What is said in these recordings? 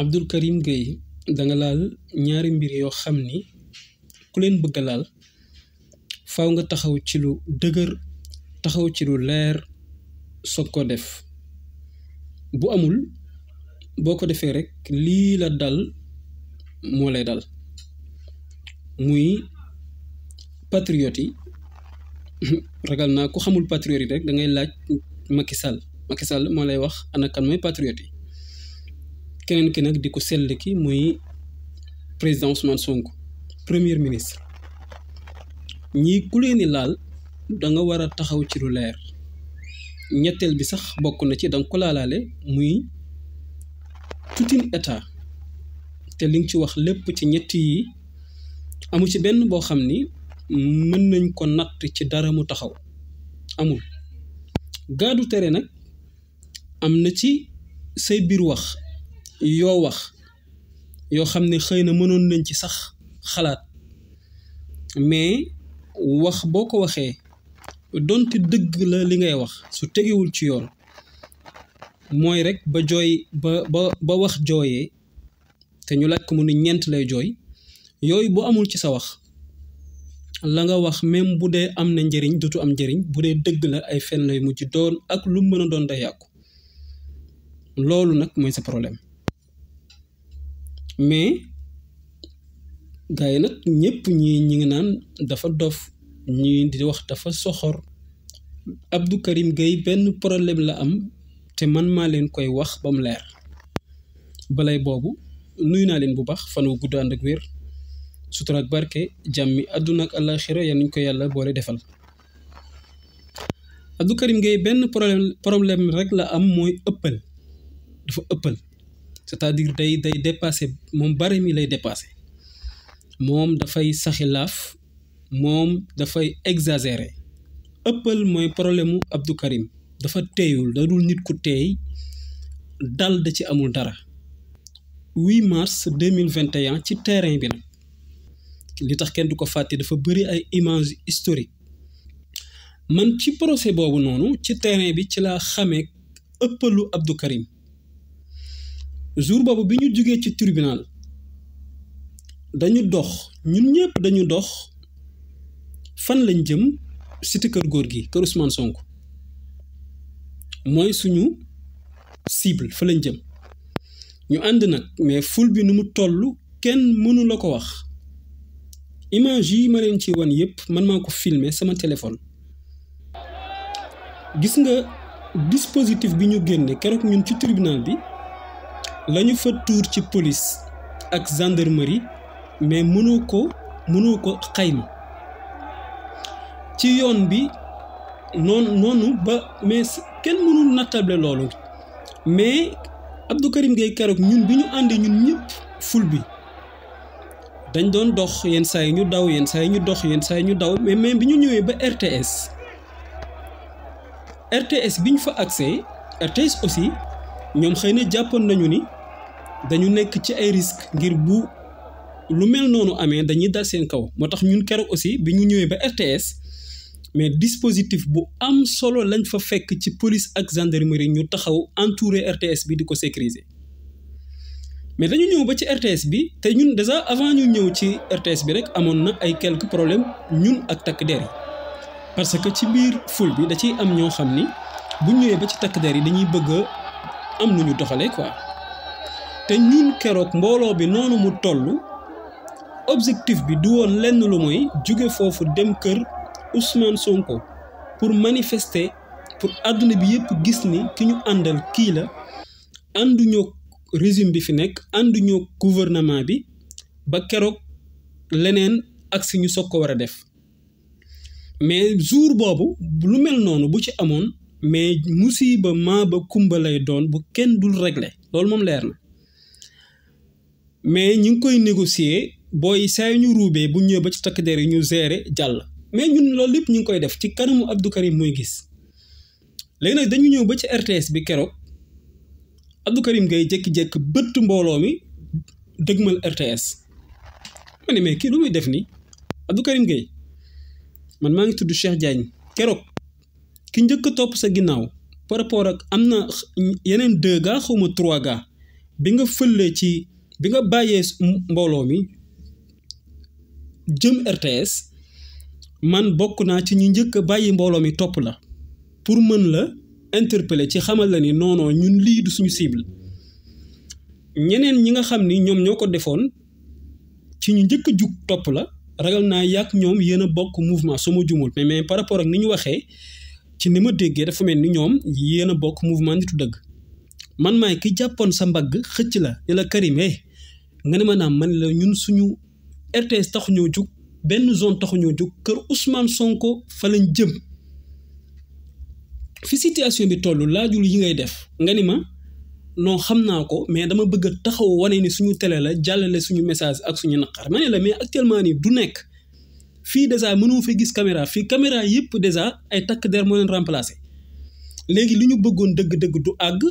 abdul karim gueye da nga laal ñaari mbir yoo xam ni ku leen bëgg laal faaw nga taxaw ci lu dëgër taxaw ci lu leer soog def bu amul boo ko defee rek lii la dal moo lay dal muy patrioti yi ragal naa ku xamul patriote yi rek da ngay laaj Macky Sall Macky moo lay wax ana kan mooy patriote keneen ki nag di ko sell ki muy président Ousmane Sonko première ministre ñii ku leeni laal da nga war a taxaw ci lu leer ñetteel bi sax bokk na ci da nga laalaale muy tutine état te li nga ci wax lépp ci ñetti yi amu ci benn boo xam ni mën nañ ko natt ci dara mu taxaw amul gaadu tere nag am na ci say biir wax yoo wax yoo xam ne xëy na mënoon nañ ci sax xalaat mais wax boo ko waxee donte dëgg la li ngay wax su tegewul ci yoon mooy rekk ba jooy ba ba wax jooyee te ñu laaj ko mu ni ñeent lay jooy yooyu bu amul ci sa wax la nga wax même bu dee am na njëriñ dutu am njëriñ bu dee dëgg la ay fen lay mujj doon ak lu mën a doon day yàqu loolu nag mooy sa problème mais gars yi nag ñëpp ñii ñi ngi naan dafa dof ñii di wax dafa soxor Abdou Karim Gueye benn problème la am te man maa leen koy wax ba mu leer balay boobu nuyu naa leen bu baax fan wu gudd ànd ak wér sutura ak barke jàmmi àdduna ak àllaaxira yan ñu ko yàlla boole defal Abdou Karim Gueye benn problème problème rek la am mooy ëppal dafa ëppal c'est-à-dire day day dépasser moom bari mi lay dépasser moom laf, mom da fay exagérer eppal moy problème Abdou Karim dafa teeyul da dul nit ku téy dal da ci amul dara 8 mars 2021 ci terrain bi nag li tax kenn du ko fàtte dafa bëri ay image historique man ci procès boobu noonu ci terrain bi ci laa xamee ëppalu Abdou Karim jour boobu bi ñu jógee ci tribunal dañu dox ñun ñëpp dañu dox fan lañ jëm siti kër góor gi kër Ousmane Sonko mooy suñu sible fa lañ jëm ñu ànd nag mais ful bi nu mu toll kenn mënula ko wax image yi ma leen ci wan yëpp man maa ko filmer sama téléphone gis nga dispositif bi ñu génne keroog ñun ci tribunal bi. lañu fa tuur ci police ak gendarmerie mais mënoo ko mënoo ko xayma ci yoon bi noonu noonu ba mais kenn mënul nattable loolu mais Abdou Karim Gueye keroog ñun bi ñu àndi ñun ñëpp ful bi dañ doon dox yenn saa yi ñu daw yenn saa yi ñu dox yenn saa ñu daw mais mais bi ñu ñëwee ba RTS RTS bi ñu fa accès RTS aussi ñoom xëy na jàppoon nañu ni dañu nekk ci ay risques ngir bu lu mel noonu amee dañuy dal seen kaw moo tax ñun keroog aussi bi ñu ñëwee ba RTS mais dispositif bu am solo lañ fa fekk ci police ak gendarmerie ñu taxaw entouré RTS bi di ko sécuriser mais dañu ñëw ba ci RTS bi te ñun déjà avant ñu ñëw ci RTS bi rek amoon na ay quelques problèmes ñun ak takk der yi parce que ci biir ful bi da ciy am ñoo xam ni bu ñëwee ba ci takk der yi dañuy bëgg a am nu ñu doxalee koi te ñun keroog mbooloo bi noonu mu toll objectif bi du woon lenn lu mooy jóge foofu dem kër Ousmane Sonko pour manifester pour àdduna bi yëpp gis ni ki ñu àndal kii la ànduñoo régime bi fi nekk ànduñoo gouvernement bi ba keroog leneen ak si ñu soog ko war a def mais jour boobu lu mel noonu bu ci amoon mais musiba maa ba kumba lay doon bu kenn dul regle loolu moom leer na. mais ñi ngi koy négocier booy saa yu ñu ruubee bu ñëwee ba ci takk der yi ñu gérer jàll. mais ñun loolu lépp ñu ngi koy def ci kanamu Abdou Karim mooy gis léegi nag dañu ñëw ba ci RTS bi keroog Abdou Karim ngay jékki-jékki bëtt mbooloo mi dëgmal RTS. ma ne mais kii lu muy def nii Abdou Karim Gueye man maa ngi tudd Cheikh Diagne keroog ki njëkk a topp sa ginnaaw par rapport ak am na yeneen deux gars xaw ma trois gars bi nga fëlee ci bi nga bàyyee mbooloo mi jëm RTS man bokk naa ci ñu njëkk a bàyyi mbooloo mi topp la pour mën la interpeller ci xamal la ni non ñun lii du suñu cible ñeneen ñi nga xam ni ñoom ñoo ko defoon ci ñu njëkk a jug topp la ragal naa yàq ñoom yéen a bokk mouvement su ma jumul mais mais par rapport ak ni ñu waxee ci ni ma déggee dafa mel ni ñoom yéen a bokk mouvement nitu dëgg. man maay ki jàppoon sa mbagg xëcc la ni la Karim eh nga ne ma naam man la ñun suñu RTS taxu ñoo jug benn zone taxu ñoo jug kër Ousmane Sonko fa lañ jëm fi situation bi tollu laajul yi ngay def nga ni ma noo xam naa ko mais dama bëgg a taxaw wane ni suñu télé la jàllale suñu message ak suñu naqar ma la mais actuellement nii du nekk fii dèjà mënoo fa gis caméra fii caméra yëpp dèjà ay takk der moo leen remplacé léegi li ñu bëggoon dëgg-dëgg du àgg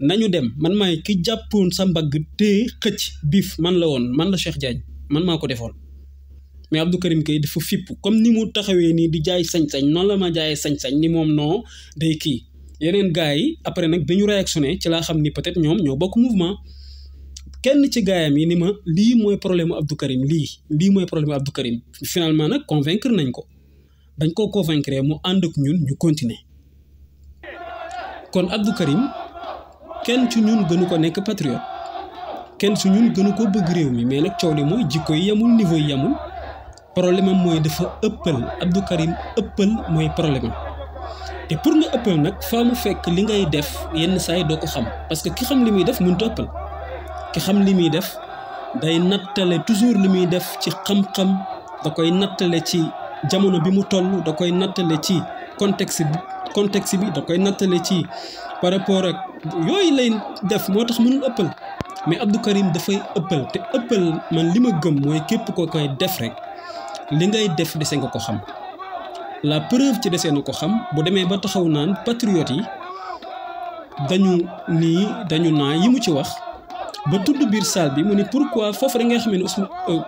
nañu dem man maay ki jàppoon sa mbagg te xëcc biif man la woon man la Cheikh Diagne man maa ko defoon mais Abdou Karim Gueye dafa fipp comme ni mu taxawee nii di jaay sañ-sañ noonu la ma jaayee sañ-sañ ni moom noo day kii yeneen gars yi après nag bi ñu réactionné ci laa xam ni peut-être ñoom ñoo bokk mouvement kenn ci gaayam yi ni ma lii mooy problème Abdou Karim lii lii mooy problème Abdou Karim finalement nag convaincre nañ ko dañ koo convaincre mu ànd ak ñun ñu continuer kon Abdou Karim kenn ci ñun gënu ko nekk patriote kenn su ñun gënu ko bëgg réew mi mais nag coow li mooy jikko yi yamul niveau yi yamul problème am mooy dafa ëppal Abdou Karim ëppal mooy problème te pour nga ëppal nag faa mu fekk li ngay def yenn saa doo ko xam parce que ki xam li muy def mun a ëppal ki xam li muy def day nattale toujours li muy def ci xam-xam da koy nattale ci jamono bi mu toll da koy nattale ci contexte bi da koy nattale ci par yooyu lay def moo tax mënul ëppal mais Abdou Karim dafay ëppal te ëppal man li ma gëm mooy képp ko koy def rek li ngay def dese nga ko xam la preuve ci na ko xam bu demee ba taxaw naan patriote yi dañu nii dañu naa yi mu ci wax ba tudd biir saal bi mu ni pourquoi foofu rek ngay xamee ne Ousmane euh,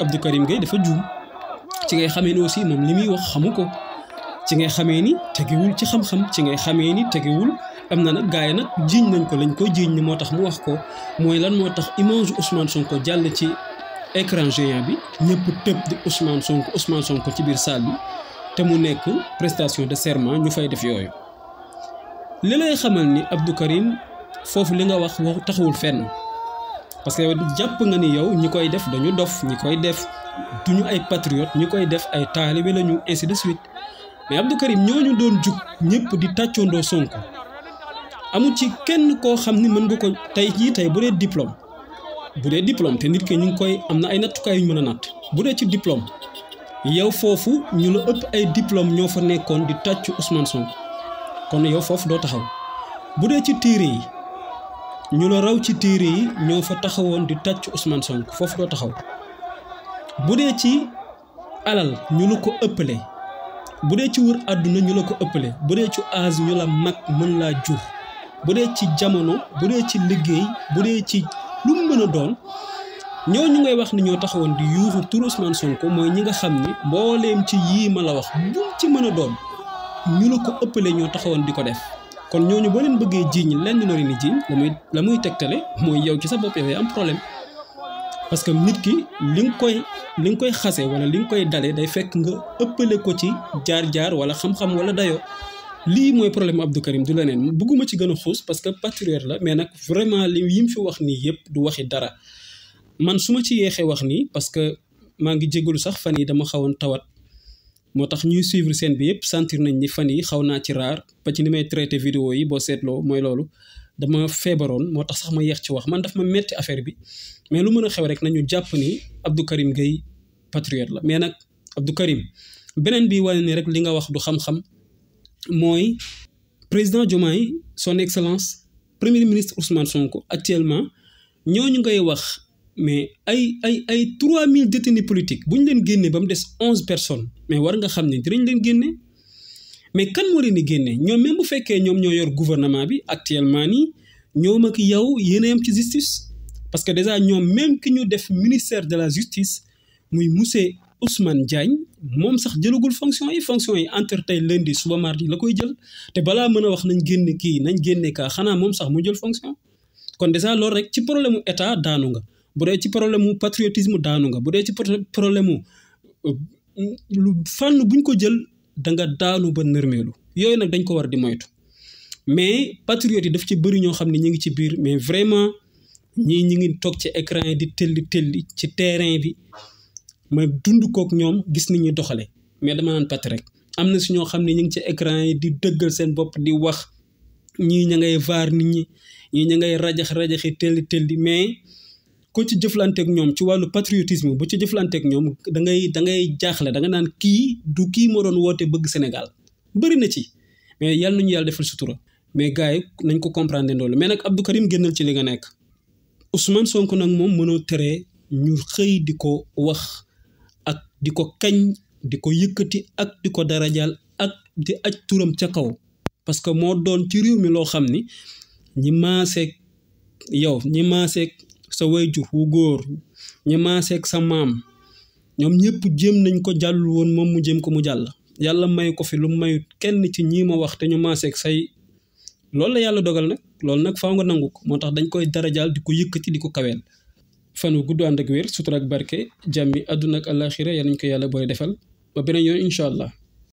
Abdou Karim Gueye dafa juum ci ngay xamee ne aussi moom li muy wax xamu ko ci ngay xamee ni tegewul ci xam-xam ci ngay xamee ni tegewul am na nag gars yi nag jiiñ nañ ko lañ ko jiiñ ni moo tax mu wax ko mooy lan moo tax image Ousmane Sonko jàll ci écran géant bi ñëpp tëb di Ousmane Sonko Ousmane Sonko ci biir saal bi te mu nekk prestation de serment ñu fay def yooyu. li lay xamal ni Abdou Karim foofu li nga wax wax taxawul fenn parce que yow jàpp nga ni yow ñi koy def dañu dof ñi koy def duñu ay patriote ñi koy def ay taalibe lañu ainsi de suite mais Abdou ñoo ñu doon jug ñëpp di tàccoondoo Sonko. amul ci kenn koo xam ni mën nga ko tey jii tey bu dee diplôme bu dee diplôme te nit ki ñu ngi koy am na ay nattukaay yu ñu mën a natt bu dee ci diplôme yow foofu ñu la ëpp ay diplôme ñoo fa nekkoon di tàccu Ousmane Sonko kon yow foofu doo taxaw bu dee ci téere yi ñu la raw ci téere yi ñoo fa taxawoon di tàccu Ousmane Sonko foofu doo taxaw bu dee ci alal ñu la ko ëppale bu dee ci wër àdduna ñu la ko ëppale bu dee ci âge ñu la mag mën laa jur bu dee ci jamono bu dee ci liggéey bu dee ci lu mu mën a doon ñoo ñu ngay wax ni ñoo taxawoon di yuuxu tur Ousmane mooy ñi nga xam ni mbooleem ci yii ma la wax bu ci mën a doon ñu la ko ëppale ñoo taxawoon di ko def. kon ñooñu boo leen bëggee jiiñ lenn noo leen di jiiñ la muy la muy tegtale mooy yow ci sa bopp yow am problème parce que nit ki li nga koy li nga koy xase wala li nga koy dale day fekk nga ëppale ko ci jaar-jaar wala xam-xam wala dayo lii mooy problème Abdou Karim du leneen bëgguma ci gën a xuus parce que patriote la mais nag vraiment li yi mu fi wax nii yëpp du waxi dara man su ma ci yeexee wax nii parce que maa ngi jégalu sax fan yi dama xawoon tawat moo tax ñuy suivre seen bi yëpp sentir nañ ni fan yi xaw naa ci raar ba ci ni traité vidéo yi boo seetloo mooy loolu dama feebaroon moo tax sax ma yeex ci wax man daf ma metti affaire bi mais lu mën a xew rek nañu jàpp ni Abdou Karim Gueye patriote la mais nag Abdou Karim beneen bi wane ni rek li nga wax du xam-xam Moi, président Diomaye son excellence premier ministre Ousmane Sonko actuellement ñu ngay wax mais ay ay ay 3000 détenus politiques nous leen que 11 personnes mais war nga mais kan que leen avons même bu que ñom ñoo yor gouvernement bi actuellement ni ñoom ak yow avons a ci justice parce que déjà même ki ñu def ministère de la justice muy Ousmane Diagne moom sax jëlagul fonction yi fonction yi entre tey lundi suba yi la koy jël te balaa mën a wax nañ génn kii nañ génne kaa xanaa moom sax mu jël fonction kon déjà loolu rek ci problème mu état daanu nga bu dee ci problème mu patriotisme daanu nga bu dee ci problème euh, lu fànn buñ ko jël danga nga daanu ba nërmeelu yooyu nag dañ ko war di moytu mais patriote yi daf ci bëri ñoo xam ne ñu ngi ci biir mais vraiment ñii ñu ngi toog ci écran di telli telli ci terrain bi ma dund kook ñoom gis ni ñuy doxale mais dama naan pat rek am na si ñoo xam ne ñu ngi ci écran yi di dëggal seen bopp di wax ñii ña ngay vaar nit ñi ñii ña ngay rajax rajaxi telli telli mais ko ci jëflanteeg ñoom ci wàllu patriotisme bu ci jëflanteeg ñoom da ngay da ngay jaaxle da nga naan kii du kii moo doon woote bëgg Sénégal bëri na ci mais yàlla ñu yàlla defal sutura mais gars yi nañ ko comprendre loolu mais nag Abdou Karim génnal ci li nga nekk Ousmane sonk nag moom mënoo teree ñu xëy di ko wax di ko kañ di ko yëkkati ak di ko dara darajaal ak di aj turam ca kaw parce que moo doon ci réew mi loo xam ni ñi maaseek yow ñi maaseek sa wayjur wu góor ñi maaseeg sa maam ñoom ñëpp jéem nañ ko jàllul woon moom mu jéem ko mu jàll yàlla may ko fi lu mayut kenn ci ñii ma wax te ñu maaseeg say loolu la yàlla dogal nag loolu nag faaw nga nangu ko moo tax dañ koy darajaal di ko yëkkati di ko kaweel fan wu gudd ànd ak wér sutura ak barke jàmmi àdduna ak àllaaxira yal nañu ko yàlla booy defal ba beneen yoon incha allah.